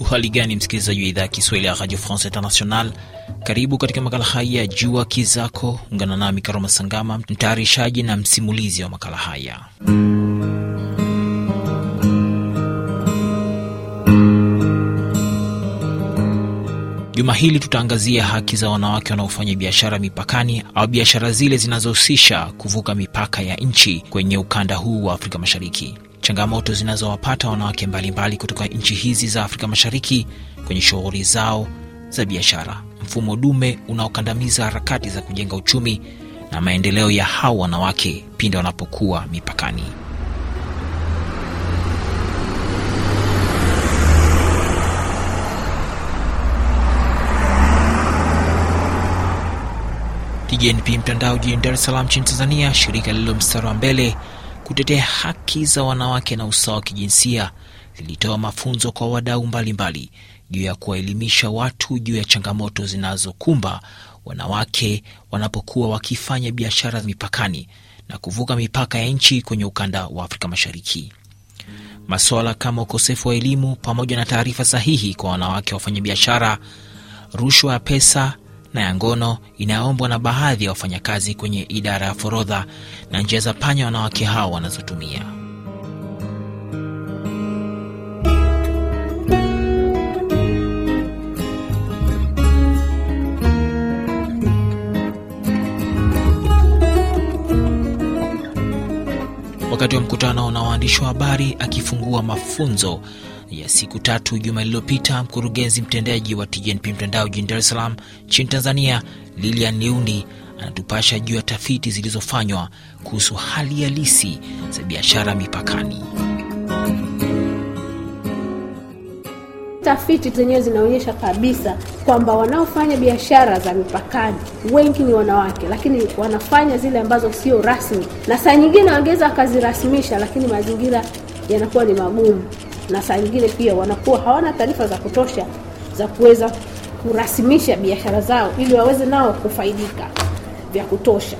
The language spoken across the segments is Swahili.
Uhali gani msikilizaji wa idhaa ya Kiswahili ya Radio France International, karibu katika makala haya Jua Kizako. Ungana nami Karoma Sangama, mtayarishaji na msimulizi wa makala haya. Juma hili tutaangazia haki za wanawake wanaofanya biashara mipakani au biashara zile zinazohusisha kuvuka mipaka ya nchi kwenye ukanda huu wa Afrika Mashariki, changamoto zinazowapata wanawake mbalimbali kutoka nchi hizi za Afrika Mashariki kwenye shughuli zao za biashara, mfumo dume unaokandamiza harakati za kujenga uchumi na maendeleo ya hao wanawake pinda wanapokuwa mipakani. TGNP mtandao jijini Dar es Salaam nchini Tanzania, shirika lililo mstari wa mbele kutetea haki za wanawake na usawa wa kijinsia lilitoa mafunzo kwa wadau mbalimbali juu ya kuwaelimisha watu juu ya changamoto zinazokumba wanawake wanapokuwa wakifanya biashara mipakani na kuvuka mipaka ya nchi kwenye ukanda wa Afrika Mashariki. Masuala kama ukosefu wa elimu pamoja na taarifa sahihi kwa wanawake wafanyabiashara, rushwa ya pesa na ya ngono inayoombwa na baadhi ya wafanyakazi kwenye idara ya forodha na njia za panya wanawake hao wanazotumia. Wakati wa mkutano na waandishi wa habari akifungua mafunzo ya siku tatu juma lililopita, mkurugenzi mtendaji wa TGNP mtandao jijini Dar es Salaam nchini Tanzania, Lilian Liundi anatupasha juu ya tafiti zilizofanywa kuhusu hali halisi za biashara mipakani. Tafiti zenyewe zinaonyesha kabisa kwamba wanaofanya biashara za mipakani wengi ni wanawake, lakini wanafanya zile ambazo sio rasmi, na saa nyingine wangeweza wakazirasmisha lakini mazingira yanakuwa ni magumu na saa nyingine pia wanakuwa hawana taarifa za kutosha za kuweza kurasimisha biashara zao ili waweze nao kufaidika vya kutosha.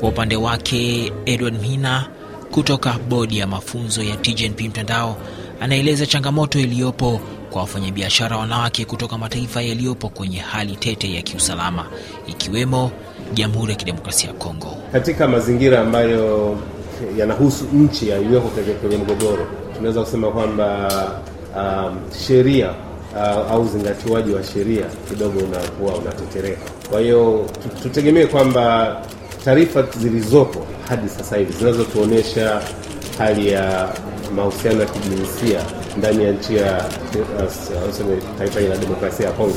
Kwa upande wake Edward Mhina kutoka bodi ya mafunzo ya TGNP mtandao anaeleza changamoto iliyopo kwa wafanyabiashara wanawake kutoka mataifa yaliyopo kwenye hali tete ya kiusalama ikiwemo Jamhuri ya Kidemokrasia ya Kongo. Katika mazingira ambayo yanahusu nchi yaliyoko kwenye mgogoro, tunaweza kusema kwamba um, sheria uh, au uzingatiwaji wa sheria kidogo unakuwa unatetereka. Kwa hiyo tutegemee kwamba taarifa zilizopo hadi sasa hivi zinazotuonyesha hali ya mahusiano ya kijinsia ndani ya nchi ya taifa la demokrasia ya Kongo,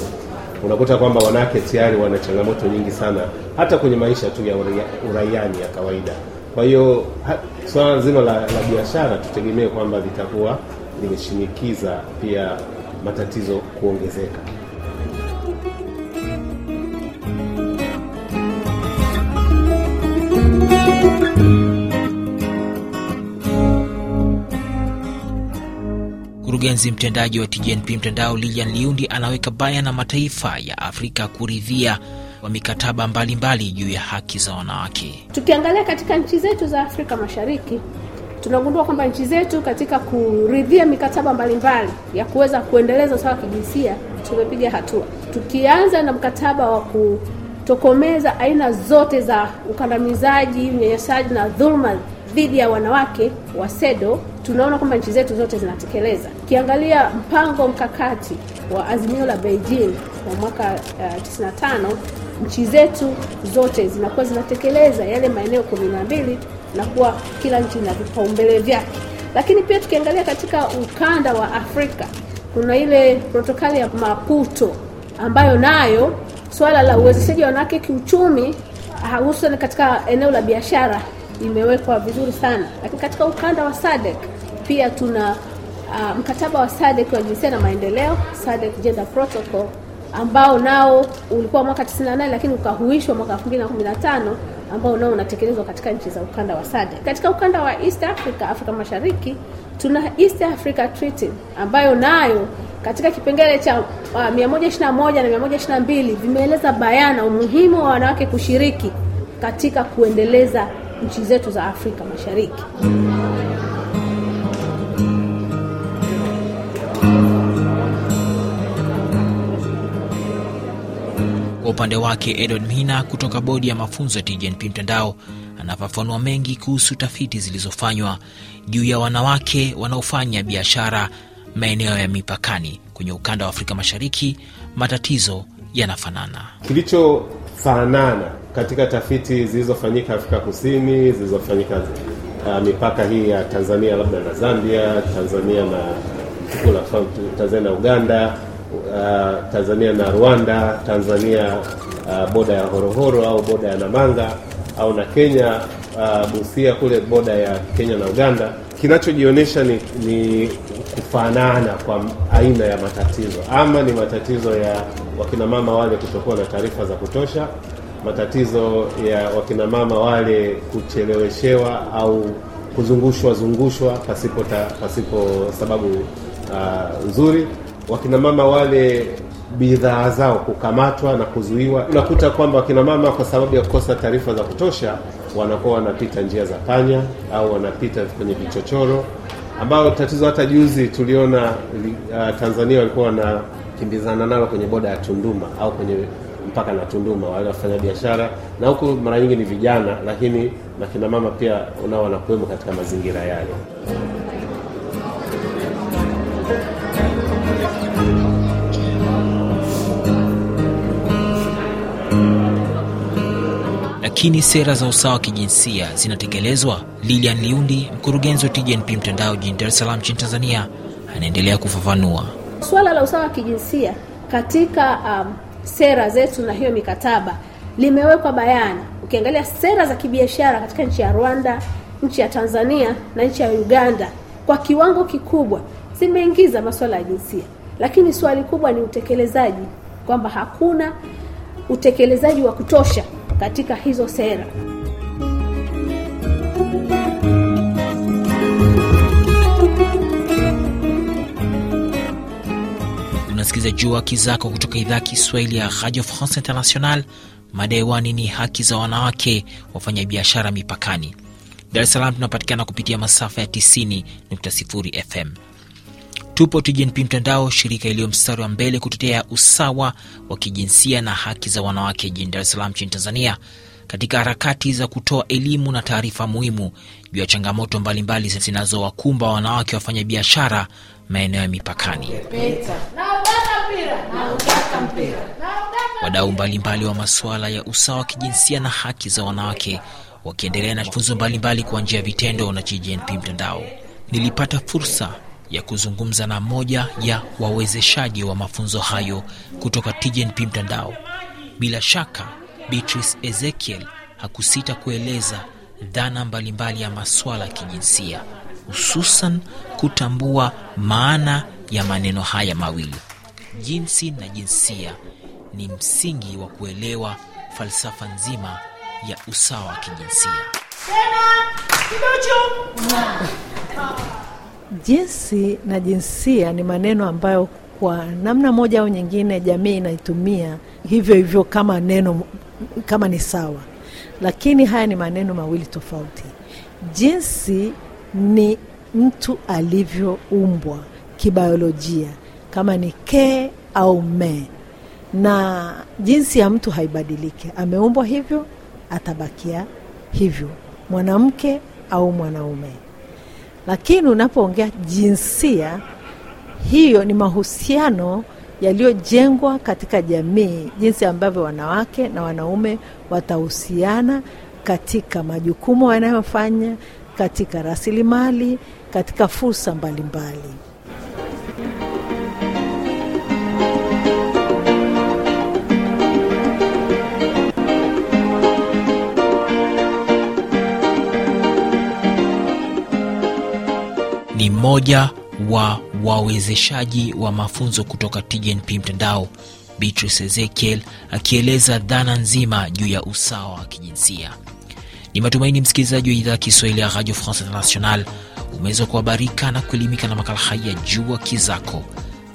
unakuta kwamba wanawake tayari wana changamoto nyingi sana, hata kwenye maisha tu ya uraiani ya kawaida. Kwa hiyo swala zima la, la biashara tutegemee kwamba litakuwa limeshinikiza pia matatizo kuongezeka. Mkurugenzi mtendaji wa TGNP mtandao Lilian Liundi anaweka baya na mataifa ya Afrika kuridhia wa mikataba mbalimbali juu ya haki za wanawake. Tukiangalia katika nchi zetu za Afrika Mashariki, tunagundua kwamba nchi zetu katika kuridhia mikataba mbalimbali mbali ya kuweza kuendeleza usawa wa kijinsia tumepiga hatua, tukianza na mkataba wa kutokomeza aina zote za ukandamizaji, unyanyasaji na dhuluma dhidi ya wanawake wa SEDO tunaona kwamba nchi zetu zote zinatekeleza. Ukiangalia mpango mkakati wa azimio la Beijing wa mwaka uh, eh, 95 nchi zetu zote zinakuwa zinatekeleza yale maeneo kumi na mbili na kuwa kila nchi na vipaumbele vyake. Lakini pia tukiangalia katika ukanda wa Afrika kuna ile protokali ya Maputo ambayo nayo swala la uwezeshaji wa wanawake kiuchumi eh, hususan katika eneo la biashara imewekwa vizuri sana, lakini katika ukanda wa SADC pia tuna uh, mkataba wa SADC wa jinsia na maendeleo, SADC Gender Protocol ambao nao ulikuwa mwaka 98 lakini ukahuishwa mwaka 2015 ambao nao unatekelezwa katika nchi za ukanda wa SADC. Katika ukanda wa East Africa, Afrika Mashariki, tuna East Africa Treaty ambayo nayo katika kipengele cha uh, 121 na 122 vimeeleza bayana umuhimu wa wanawake kushiriki katika kuendeleza nchi zetu za Afrika Mashariki. Kwa upande wake Edward Mhina kutoka bodi ya mafunzo ya TGNP mtandao anafafanua mengi kuhusu tafiti zilizofanywa juu ya wanawake wanaofanya biashara maeneo ya mipakani kwenye ukanda wa Afrika Mashariki. Matatizo yanafanana, kilichofanana katika tafiti zilizofanyika Afrika Kusini, zilizofanyika uh, mipaka hii ya Tanzania labda na Zambia, Tanzania na kula, Tanzania na Uganda, uh, Tanzania na Rwanda, Tanzania uh, boda ya Horohoro au boda ya Namanga au na Kenya uh, Busia kule boda ya Kenya na Uganda, kinachojionyesha ni, ni kufanana kwa aina ya matatizo, ama ni matatizo ya wakinamama wale kutokuwa na taarifa za kutosha matatizo ya wakinamama wale kucheleweshewa au kuzungushwa zungushwa pasipo ta, pasipo sababu uh, nzuri. Wakinamama wale bidhaa zao kukamatwa na kuzuiwa. Unakuta kwamba wakinamama kwa sababu ya kukosa taarifa za kutosha wanakuwa wanapita njia za panya au wanapita kwenye vichochoro, ambayo tatizo hata juzi tuliona uh, Tanzania walikuwa wanakimbizana nalo kwenye boda ya Tunduma au kwenye mpaka na Tunduma, wale wafanya biashara na huku mara nyingi ni vijana, lakini na kina mama pia nao wanakuwemo katika mazingira yale. Lakini sera za usawa wa kijinsia zinatekelezwa? Lilian Liundi, mkurugenzi wa TGNP mtandao jijini Dar es Salaam nchini Tanzania, anaendelea kufafanua suala la usawa wa kijinsia katika um, sera zetu na hiyo mikataba limewekwa bayana. Ukiangalia sera za kibiashara katika nchi ya Rwanda, nchi ya Tanzania na nchi ya Uganda kwa kiwango kikubwa zimeingiza masuala ya jinsia, lakini swali kubwa ni utekelezaji, kwamba hakuna utekelezaji wa kutosha katika hizo sera. Unasikiliza juu Haki Zako kutoka idhaa Kiswahili ya Radio France International. Mada hewani ni haki za wanawake wafanyabiashara mipakani. Dar es Salaam tunapatikana kupitia masafa ya 90 FM. Tupo tjnp Mtandao, shirika iliyo mstari wa mbele kutetea usawa wa kijinsia na haki za wanawake jijini Dar es Salaam nchini Tanzania, katika harakati za kutoa elimu na taarifa muhimu juu ya changamoto mbalimbali zinazowakumba wanawake wafanya biashara maeneo ya mipakani. Peter. Wadau mbalimbali wa masuala ya usawa wa kijinsia na haki za wanawake wakiendelea na funzo mbalimbali kwa njia ya vitendo na CGNP mtandao. Nilipata fursa ya kuzungumza na moja ya wawezeshaji wa mafunzo hayo kutoka TGNP mtandao. Bila shaka, Beatrice Ezekiel hakusita kueleza dhana mbalimbali ya masuala ya kijinsia, hususan kutambua maana ya maneno haya mawili jinsi na jinsia ni msingi wa kuelewa falsafa nzima ya usawa wa kijinsia. Jinsi na jinsia ni maneno ambayo kwa namna moja au nyingine jamii inaitumia hivyo hivyo kama neno, kama ni sawa, lakini haya ni maneno mawili tofauti. Jinsi ni mtu alivyoumbwa kibayolojia kama ni ke au me, na jinsi ya mtu haibadiliki. Ameumbwa hivyo, atabakia hivyo, mwanamke au mwanaume. Lakini unapoongea jinsia, hiyo ni mahusiano yaliyojengwa katika jamii, jinsi ambavyo wanawake na wanaume watahusiana katika majukumu wanayofanya, katika rasilimali, katika fursa mbalimbali mbali. mmoja wa wawezeshaji wa mafunzo kutoka TGNP Mtandao, Beatrice Ezekiel akieleza dhana nzima juu ya usawa wa kijinsia. Ni matumaini msikilizaji wa idhaa ya Kiswahili ya Radio France International umeweza kuhabarika na kuelimika na makala haya juu wa kizako.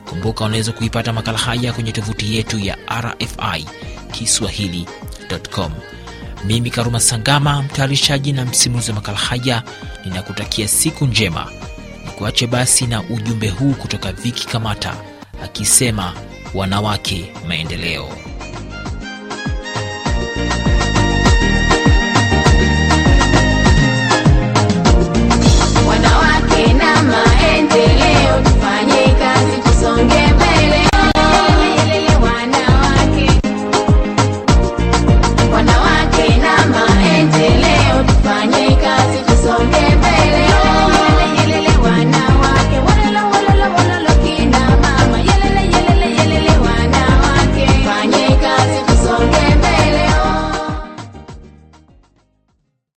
Kumbuka, unaweza kuipata makala haya kwenye tovuti yetu ya RFI Kiswahili.com. Mimi Karuma Sangama, mtayarishaji na msimuzi wa makala haya, ninakutakia siku njema. Kuache basi na ujumbe huu kutoka Viki Kamata akisema wanawake maendeleo.